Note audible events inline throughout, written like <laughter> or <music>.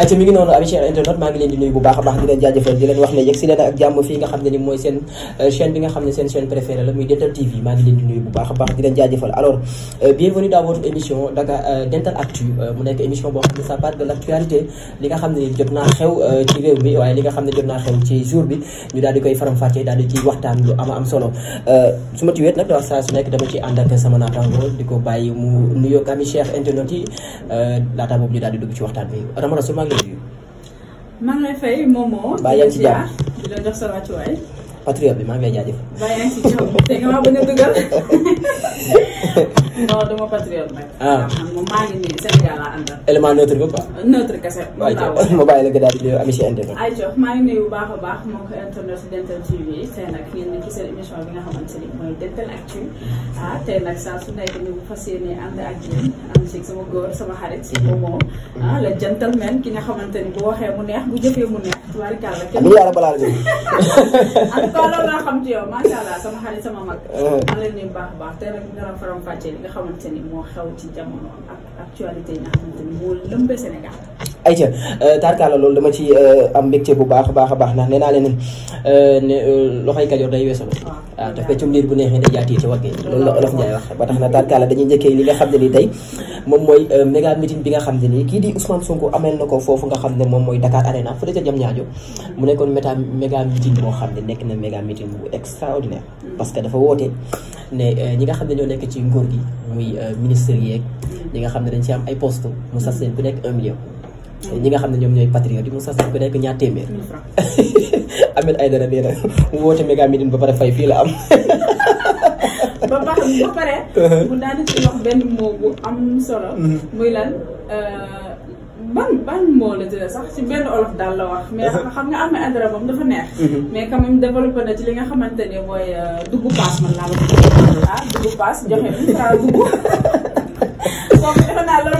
ayca mi ngi noonu abi cher internet maa ngi leen di nuyu bu baax a baax di leen jaajëfal di leen wax ne yegg si leen ak jàmm fii nga xam ne ni mooy seen euh, chaîne bi nga xam ne seen chaîne préférée la muy Dental TV maa ngi leen di nuyu bu baax a baax di leen jaajëfal alors euh, bienvenue dans votre émission Dakar euh, Dental Actu mu nekk émission boo xam ne ça parle de l' li nga xam ne jot naa xew ci réew mi waaye li nga xam ne jot naa xew ci jour bi ñu daal di koy faram-fàccee daal di ciy waxtaan lu ama am solo daal di dugg ci waxtaan bi man ngi lay fay Momo. baa yaa ngi ci jàmm di la jox sa bi maa ngi lay jaajëf. baa te nga maa bañ a dugal. <laughs> <laughs> non dama patriote nag. ah moom maa ngi nii Sénégal laa àndal. élément neutre bi quoi. neutre kese. waaw waaw ma bàyyi la nga daal di nuyu ami si internet. ayca maa ngi nuyu bu baax a baax moo ko internet Dental TV tey nag yéen a ci seen émission bi nga xamante ni mooy Dental Actu ah tey nag saa su nekk ñu fas yéene ànd ak yéen ànd ci sama góor sama xarit. moom moo ah la gentleman ki nga xamante ni bu waxee mu neex bu jëfee mu neex. waaw kàlla kenn du yàlla balaa jóg. <laughs> en tout loolu laa xam ci yow macha allah sama xarit sama mag. Eh. nga faram fàccee li nga moo xew ci jamono ak actualité yi nga xamante ni moo lëmbee Sénégal. ayca euh, tarkaala loolu dama ci euh, am mbégte bu baax a baax a baax ndax nee naa leen euh, ne loxoy Kajoor day weesaloo. waaw ah, te feccum liir bu neexee day jaati ci waggee loolu la olof Njaay ba tax na tarkaala dañuy njëkkee li nga xam ne ni tey moom mooy euh, méga bi nga xam ne kii di Ousmane Sonko nga xam ne moom mooy Dakar Arena fële ca Diamniadio mu nekkoon méta méga meeting boo xam ne nekk na méga bu extraordinaire parce que dafa woote ne euh, ñi nga xam ne ñoo nekk ci nguur gi muy euh, ministre yeeg ñi nga xam ne dañ ci am ay poste mu nga xam ne ñoom ñooy patriote yi mu sas leen nekk ñaar téeméer <laughs> Ahmed Aïdara nee na <laughs> woote Mega Médine ba pare fay fii la am. <laughs> ba ba ba pare. Uh-huh. mu daal di wax benn mot bu am solo. Mm-hmm. muy lan euh, ban ban moo la jëlee sax ci benn olof daal la wax. mais uh-huh. xam nga Ahmed Aïdara moom dafa neex. Mm-hmm. mais quand même na ci li nga xamante ne mooy euh, dugg paas man laa la ko mm-hmm. ah, dugg paas joxe bi dugg. <laughs>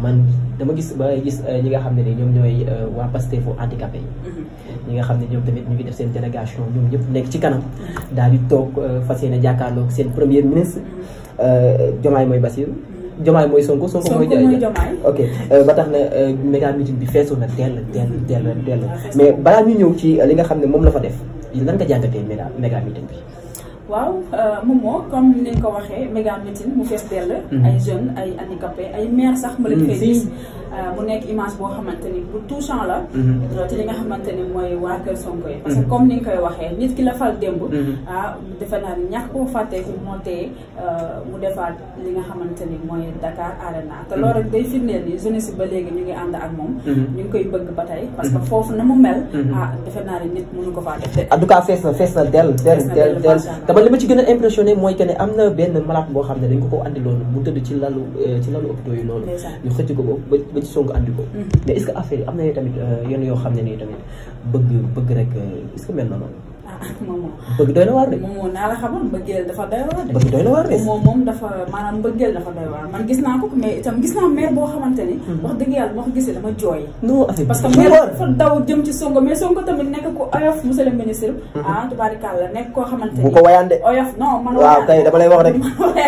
man dama gis ba gis euh, ñi nga xam ne ni ñoom ñooy euh, waa Pastefu handicapé yi mhm. ñi nga xam ne ñoom tamit ñu ngi def seen délégation ñoom ñëpp nekk ci kanam mhm. daal di toog euh, fas yéene jàkkaarloog seen premier ministre Jomaay mhm. mooy Basiru Jomaay mooy Sonko Sonko mooy Jomaay ok ba tax na méga meeting bi feesoon na dell dell dell dell ah, mais balaa ñu ñëw ci li nga xam ne moom la fa def lan nga jàngatee méga meeting bi waaw moom euh, moo comme ni nga ko waxee méga meeting mu fees dell. Mhm. ay jeunes ay handicapés ay mères sax. ma leen fay mhm. gis. Euh, bu nekk image boo xamante ni tout touchant la mhm. euh, ci li nga xamante ni mooy waa kër yi parce que mhm. comme ni nga koy waxee nit ki la fal démb mhm. ah defe naa ni ñàkk koo fàtte si euh, mu defaat li nga xamante ni mooy Dakar Arena ngi ànd ak moom ñu ngi koy bëgg ba tey parce que foofu na mu mel ah defe naa fees na fees na del del del del dama li ma ci gën a impressionné mooy que ne am na benn malade boo xam ne dañ ko ko andi loolu mu tëdd ci lalu ci lalu hôpitaux yi loolu ñu xëcc ko ba ba ci Sonko andi ko. Mm-hmm. mais est-ce que am na tamit euh, yenn yoo xam ne nii tamit bëgg bëgg rek euh, est-ce mel na noonu. moom moom bëgg doy na waar de moom moom naa la xamal mbëggeel dafa doy waar de bëgg doy na waar de moom moom dafa maanaam mbëggeel dafa doy waar man gis naa ko mais itam gis naa mère boo xamante ni hmm. wax dëgg yàlla moo ko gisee dama jooy non parce que mère dafa daw jëm ci Sonko mais Sonko tamit nekk ko oyof monsieur le ministre hmm. ah tubaarikàlla nekk koo xamante ni bu ko wayaan de oyof non man waaw kay dama lay wax rek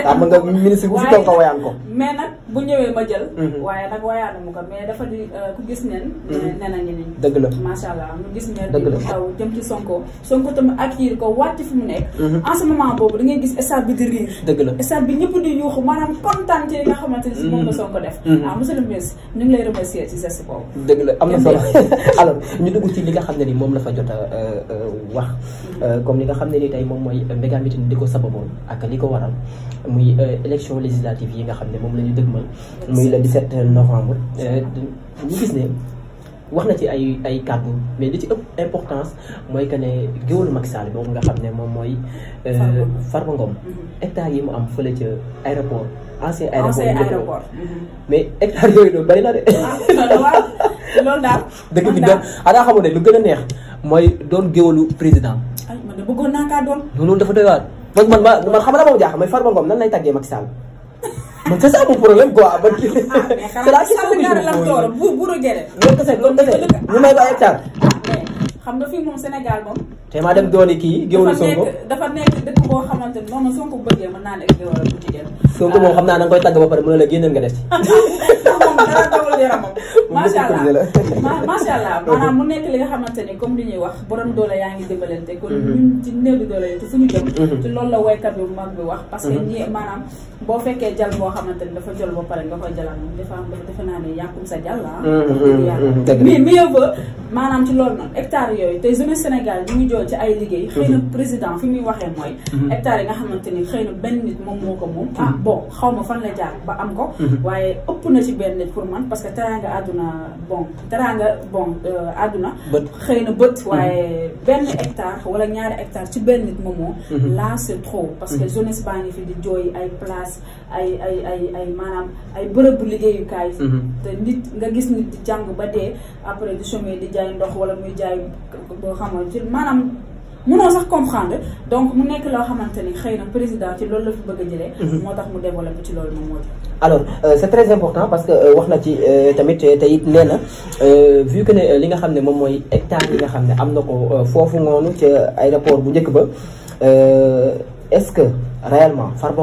xam <laughs> ah, nga ministre bu fi toog ko wayaan ko mais nag bu ñëwee ma jël hmm. waaye nag wayaanu mu ko mais dafa di euh, ku gis neen nee na ngi nii dëgg la macha allah ñu gis neen daw jëm ci Sonko Sonko dama accueillir ko wàcc fi mu nekk mhm. en ce moment boobu da gis stade bi di dëgg la stade bi ñëpp di yuuxu xamante ni si moom mhm. def mhm. ah le ministre ñu ngi lay remercier ci geste boobu dëgg la am na solo <laughs> ñu dugg li nga xam ne ni moom la fa jot a euh, euh, wax euh, comme li nga xam ne nii tey moom mooy méga meeting di ko sababoon ak li ko waral muy élection législative yi nga xam ne moom la ñu dëgmal muy le 17 novembre ñu gis ne wax na ci ay ay kàddu mais li ci ëpp importance mooy que ne géwëlu Macky Sall boobu nga xam ne moom mooy. Euh, Farba Ngom mm-hmm. hectares yi mu am fële ca aéroport. ancien aéroport mm-hmm. mais hectares yooyu noonu bari na de. Ah, loolu daal <laughs> dëgg bi daal xanaa ah, xamu ne lu gën a neex mooy doon géwalu président. ay man de bëggoon naa kaa doon. loolu dafa doy waar. man man man xam na moom jaaxal mooy Farba Ngom nan lay tàggee Macky Sall. <laughs> kasa mo problème quoi ba c'est la question que je vous bu bu rogere non kasa non kasa hectare xam nga fi moom Sénégal moom te ma dem dooni kii géwlu Sonko dafa nekk dëkk boo xamante ni moom Sonko bëggee mën da ba la nga def ci allah macha allah maanaam mu nekk li nga xamante comme li ñuy wax borom doole yaa ngi dimbalante kon ñun ci suñu ci loolu la mag bi wax parce que ñi boo fekkee jal boo xamante ni dafa jol ba pare nga koy jalal moom dafa am defe naa ne yàqum sa jàll ah. Mm-hmm, mm-hmm, mais mieux vaut maanaam ci loolu noonu hectares yooyu te jeunesse Sénégal ñu ngi jooy ci ay liggéey. xëy na mm-hmm. président fi muy waxee mooy. hectares yi nga xamante ni xëy na benn nit moom moo ko moom. ah xaw ma fan la jaar ba am ko. waaye ëpp na ci benn nit pour man parce que teraanga àdduna bon teraanga bon euh, àdduna. bët xëy na bët waaye benn hectare wala ñaari hectare ci benn nit moom moo. là c'est trop parce que jeunesse place ay ay ay ay maanaam ay bërëbu liggéeyukaay. Mhm. te nit nga gis nit di ba après di wala muy ci sax comprendre donc mu président ci loolu la fi bëgg mhm. mu ci loolu alors euh, c'est très important parce que euh, wax ci euh, tamit vu que li ne hectare nga est ce que réellement Farba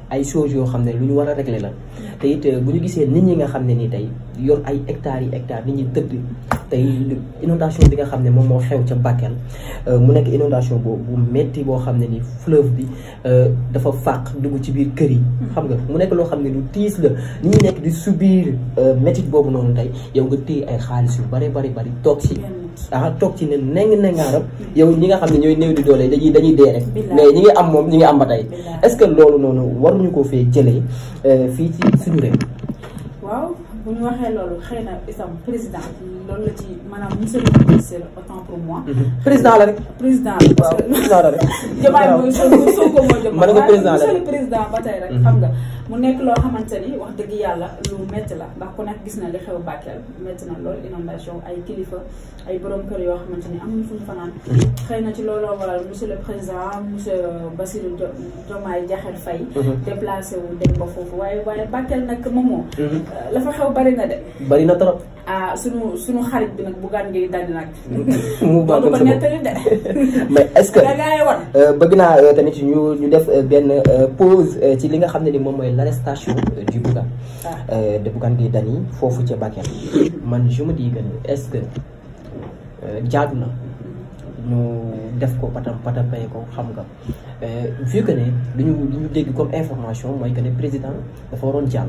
ay choses yoo xam ne lu ñu war a régler la te bu ñu gisee nit ñi nga xam ne nii tey yor ay hectares yi hectares nit ñi tëdd tey inondation bi nga xam ne moom moo xew ca Bakel euh, mu nekk inondation boobu metti boo xam ne ni fleuve bi euh, dafa fàq dugg ci biir kër yi xam nga mu nekk loo xam ne lu tiis la nit ñi nekk di subir euh, métit boobu noonu tey yow nga téye ay xaalis yu bari bari bari toog si ah toog ci ne neng nengaaram yow ñi nga xam ne ñooy néew di doole dañuy dañuy dee rek mais ñi ngi am moom ñi ngi am ba tey est-ce que loolu noonu waruñu ko fee jëlee euh, fii ci suñu réew bu ñu waxee loolu xëy na itam président loolu la ci maanaam monsieur le ministre autant pour moi. président la rek. président la waaw président la rek. jamaay mooy soo soo ko moo jëm. mën nga président la rek monsieur le président ba tey rek. xam nga mu nekk loo xamante ni wax dëgg yàlla lu métti la ndax ku nekk gis na li xew Bakel métti na lool inondation ay kilifa ay borom kër yoo xamante ni amuñu fuñu fanaan. xëy na ci looloo waral monsieur le président monsieur Bassirou Diomaye Diakhar Faye. déplacé wu dem ba foofu waaye waaye Bakel nag moomoo. la fa xew. coow bari na de. bari na trop. ah sunu sunu xarit bi nag Bougane Gueye Dany nag. <laughs> mu baax ko nettali de. <laughs> mais est-ce que <laughs> euh, bëgg naa euh, tamit ñu ñu def euh, benn pause ci li nga xam ne ni moom mooy l'arrestation du Bougane. Ah. de Bougane Gueye Dany foofu ca Bakel. man je di dis que est-ce que jaadu na ñu. def ko batam patam bay ko xam nga vu que ne lu ñu li ñu dégg comme information mooy que ne président dafa waroon jàll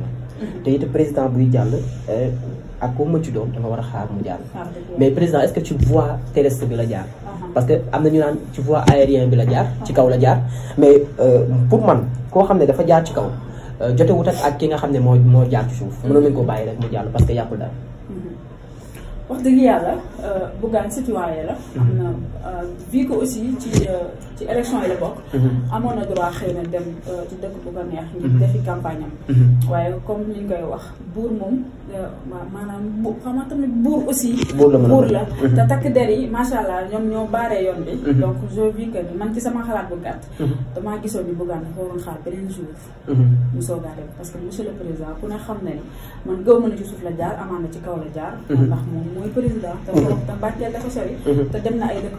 te it président buy jàll eh, ak koo mëcc doon da nga war a xaar mu jàll. mais président est-ce que ci voie terrestre bi la jaar. parce que am na ñu naan ci voie aérien bi la jaar. ci kaw la jaar mais euh, pour man koo xam ne dafa jaar ci kaw euh, jote wut ak ki nga xam ne moo moo jaar ci suuf. mënoon nañu ko bàyyi rek mu jàll parce que yàqul dara. wax dëgg yàlla euh, Bougane citoyen la mhm. am na euh, vu que aussi ci euh, ci élection yi la bokk mhm. amoon na droit xëy dem ci dëkk bu ko neex ngir mhm. defi campagne am waaye comme ni ñu wax buur moom waaw xama tamit buur aussi buur la te takk der yi macha allah ñoom ñoo baaree yoon bi donc je vis que man ci sama xalaat bu gàtt damaa gisoon ni Bougane dafa waroon xaar beneen jour mu soogaa dem parce que monsieur le président ku ne xam na man gëw ci la jaar ci kaw la jaar mooy président mhm. te Kaolack mhm. te dem na ay dëkk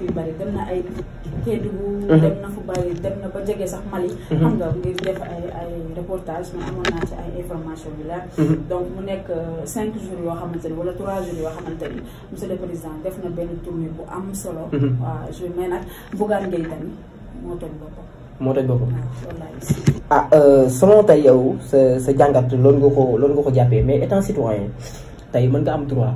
mhm. na ba jege sax Mali xam nga ay ay reportage man amoon naa ci ay donc mu nekk euh, cinq jours yoo xamante ni wala trois jours yoo xamante ni monsieur le président def na benn tournée bu am solo waaw je mais nag Bougane Gueye tamit moo toj boppam moo toj boppam ah euh, selon tey yow sa sa jàngat loolu nga ko loolu nga ko jàppee mais étant citoyen tey mën nga am droit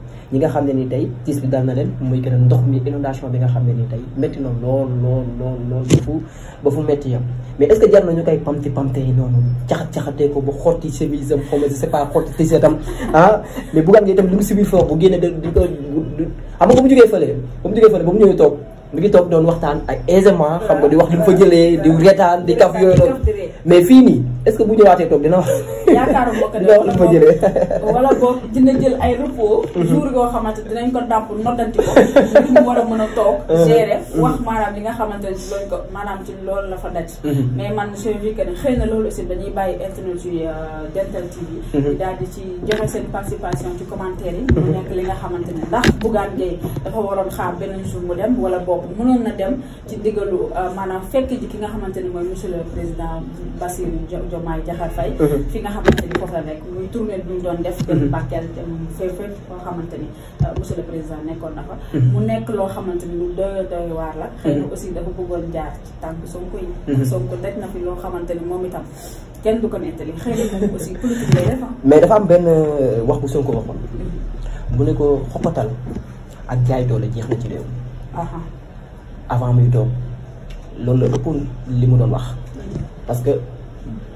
ñi nga xam ne ni tey tiis bi dal na leen muy gën a ndox mi inondation bi nga xam ne ni tey métti na lool lool lool lool ba fu ba fu métti yam mais est-ce que jar nañu koy pamti pamte yi noonu caxat-caxatee ko ba xotti chemise am xaw ma je sais pas xotti t-shirt am ah mais bu gaan nga itam mu si biir foofu bu génne di ko xam nga mu jógee fële ba mu jógee fële ba mu ñëwee toog ñu ngi toog doon waxtaan ay aisément xam nga di wax li fa jëlé di rétan di kaf yo do mais fii nii est ce que bu ñëwaatee tok dina wax yaakaaru wax dina fa jëlé wala boog dina jël ay repos mhm. jour go xamante dinañ ko damp notanti ko ñu wara mëna tok mhm. géré mhm. wax manam li nga xamante ne ko manam ci loolu la fa dacc mais man monsieur vu que ne loolu aussi dañuy bayyi internet ci euh, dental tv daal di ci joxe sen participation ci commentaire yi mu nekk li nga xamante ne ndax bu gandé dafa waron xaar benen jour mu dem wala boobu mënoon na dem ci ndigalu euh, maanaam fekk ji ki nga xamante ni mooy monsieur le président Bassirou Diomaye Diakhar Faye mhm. fi nga xamante ni foofu la nekk muy tournée bi ñu doon def benn mhm. Bakel fépp fépp koo xamante ni euh, monsieur le président nekkoon na fa mhm. mu nekk loo xamante ni lu doy doy waar la xëy na aussi dafa bëggoon jaar ci tànk Sonko yi Sonko daj na fi loo xamante ni moom itam kenn du ko nettali xëy na moom aussi politique lay def ah. mais dafa am benn euh, wax bu Sonko waxoon mu ne ko xoqatal ak jaay doole jeex na ci réew avant muy toog loolu la ëppoon li mu doon wax parce que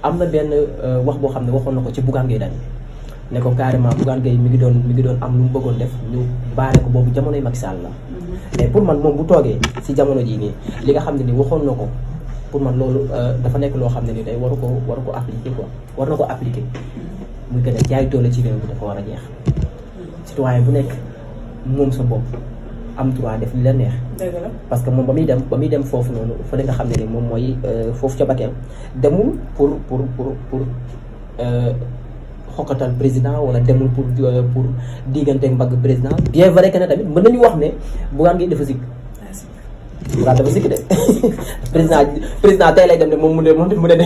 am na benn euh, wax boo xam ne waxoon na ko ci Bougane Gueye Dany ne ko carrément Bougane Gueye mi ngi doon mi ngi doon am lu mu bëggoon def ñu baare ko boobu jamonoy mag saal la mhm. mais pour man moom bu toogee si jamono jii nii li nga xam ne ni waxoon na ko pour man loolu euh, dafa nekk loo xam ne ni day waru ko waru ko appliquer quoi war na ko appliquer mu gën a jaay doole ci réew bi dafa war a jeex mhm. citoyen bu nekk moom sa bopp am droit def li la neex. parce que moom ba muy dem ba muy dem foofu noonu fële nga xam ne ni moom mooy euh, foofu ca Bakel demul pour pour pour pour euh, xokkatal président wala demul pour euh, pour diggante mbagg président bien vrai que ne tamit mën nañu wax ne Bougane Gueye dafa ah, sikk. waaw dafa sikk de <laughs> président président tey lay dem moom mu ne moom mu ne de.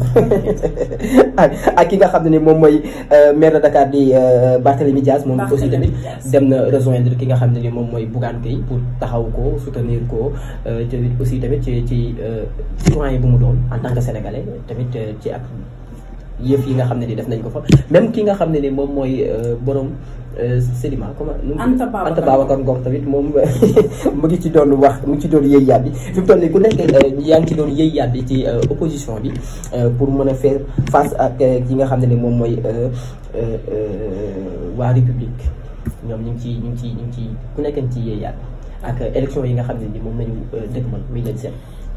<laughs> ak ki nga xam ne ni moom mooy euh, maire de Dakar di euh, Barthélémy Diaz moom aussi tamit dem na rejoindre ki nga xam ne ni moom mooy Bougane Gueye pour taxaw ko soutenir ko euh, tamit aussi tamit ci ci citoyen bu mu doon en tant que sénégalais tamit ci ak yëf yi nga xam ne ni def nañ ko fa même ki nga xam ne ni moom mooy borom Euh, Selima comment Anta Babacar Anta Babacar Ngom tamit moom <laughs> mu ngi ci doon wax mu ngi ci doon yëy yaat bi fi mu toll nii ku nekk euh, yaa ngi ci doon yëy yaat bi ci euh, opposition bi pour mën a faire face ak ki nga xam ne moom mooy waa république ñoom ñu ngi ci ñu ngi ci ñu ngi ci ku nekk ci yëy yaat ak élection yi nga xam ne ni moom nañu dëgmal muy leen seen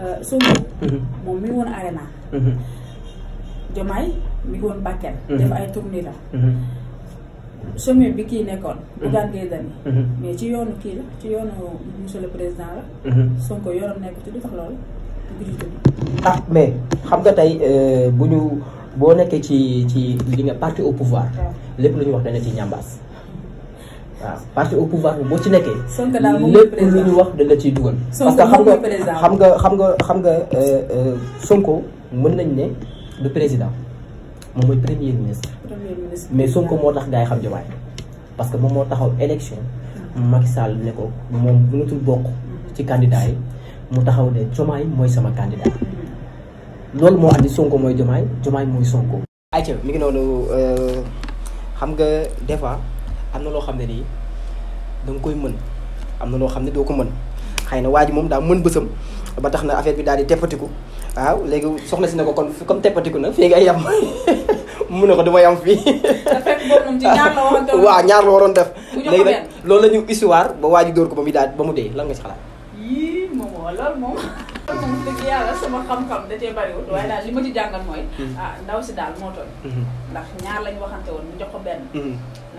Euh, Sonko mhm. moom mi ngi woon Arena Diomaye mhm. mi ngi woon mhm. def ay tournée la bi kii nekkoon Bougane Gueye Dany mais ci yoonu kii la ci yoonu monsieur le président la Sonko yoonam nekk ci du tax loolu ah mais xam nga tey euh, bu ñu boo nekkee ci ci li nga parti au pouvoir lépp lu ñu wax dana ci ñambaas waaw parti au pouvoir bi boo ci nekkee. lépp ñu wax da la ciy dugal. parce que xam nga xam nga xam nga xam euh, nga euh, Sonko mën nañ ne le président moom mooy premier ministre. mais Sonko moo tax gars xam Diomaye parce que moom moo taxaw élection. Macky Sall ne ko moom mënatul bokk. ci candidat yi mu taxaw ne Diomaye mooy sama candidat loolu moo andi Sonko mooy Diomaye Diomaye mooy Sonko. ayca mi ngi noonu euh, xam nga des fois. am na loo xam ne nii da koy mën am na loo xam ne doo ko mën xëy na waa ji moom daa mën bësam ba tax na affaire bi daal di teppatiku waaw léegi soxna si ne ko kon comme teppatiku na fii ngay yam <laughs> mu ne ko damay am fii. ñaar la waroon def. léegi nag loolu la ñu histoire ba waa ji dóor ko ba muy daal ba mu dee lan nga ci xalaat. moom loolu moom. moom sama xam-xam da cee bariwul mm-hmm. jàngal mooy. Mm-hmm. ah ndaw si daal moo toll. Mm-hmm. ndax ñaar lañu waxante woon mu jox ko benn.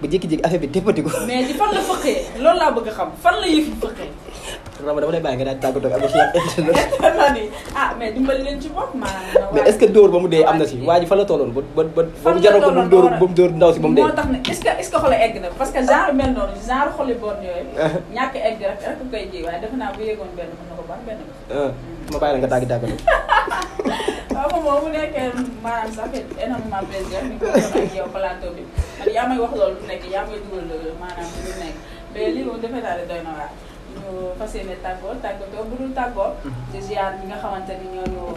ba jékki-jékki affaire bi déppati ko. mais li fan la fëqee loolu laa bëgg xam fan la yëf yi fëqee. Rama dama tàggatoo ak am na si yàq. ah mais dimbali leen ci bopp maanaam. mais est ce ba mu dee na si waa ji fan la tolloon ba ba ba. fan la tolloon ba ndaw si ba mu dee. na parce que genre mel noonu genre xoli bon yooyu. <laughs> ñàkk egg rek naa bu yeggoon benn mën na ko ban benn. Ah, ma bàyyi la nga tàgg tàggatoo. <laughs> waaw moom mu nekkee maanaam ça fait énormément plaisir ñu ko waxoon ne doy na waar ñu fas yéene tàggoo nga xamante ni ñoo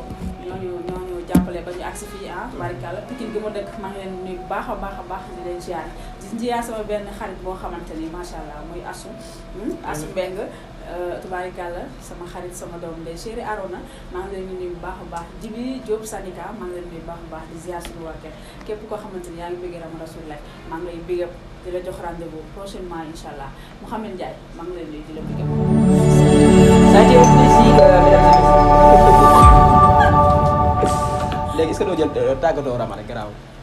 ñu ñoo ñu jàppale ba ñu agsi fii ah. ma dëkk a baax a baax di leen benn xarit boo xamante ni macha allah muy Assou. Hmm, Assou Euh, tubaarikàlla sama xarit sama doom day chéri Arona maa ngi leen bu baax a baax Jibi Diop Sanika maa ngi leen baax baax di ziar suñu waa kër képp koo xamante ni yaa ngi bëgg Rama Rasoulaye maa ngi lay big up di la jox rendez-vous prochainement incha allah Mouhamed Ndiaye maa ngi leen di nuyu di la big euh, <laughs> euh, garaaw.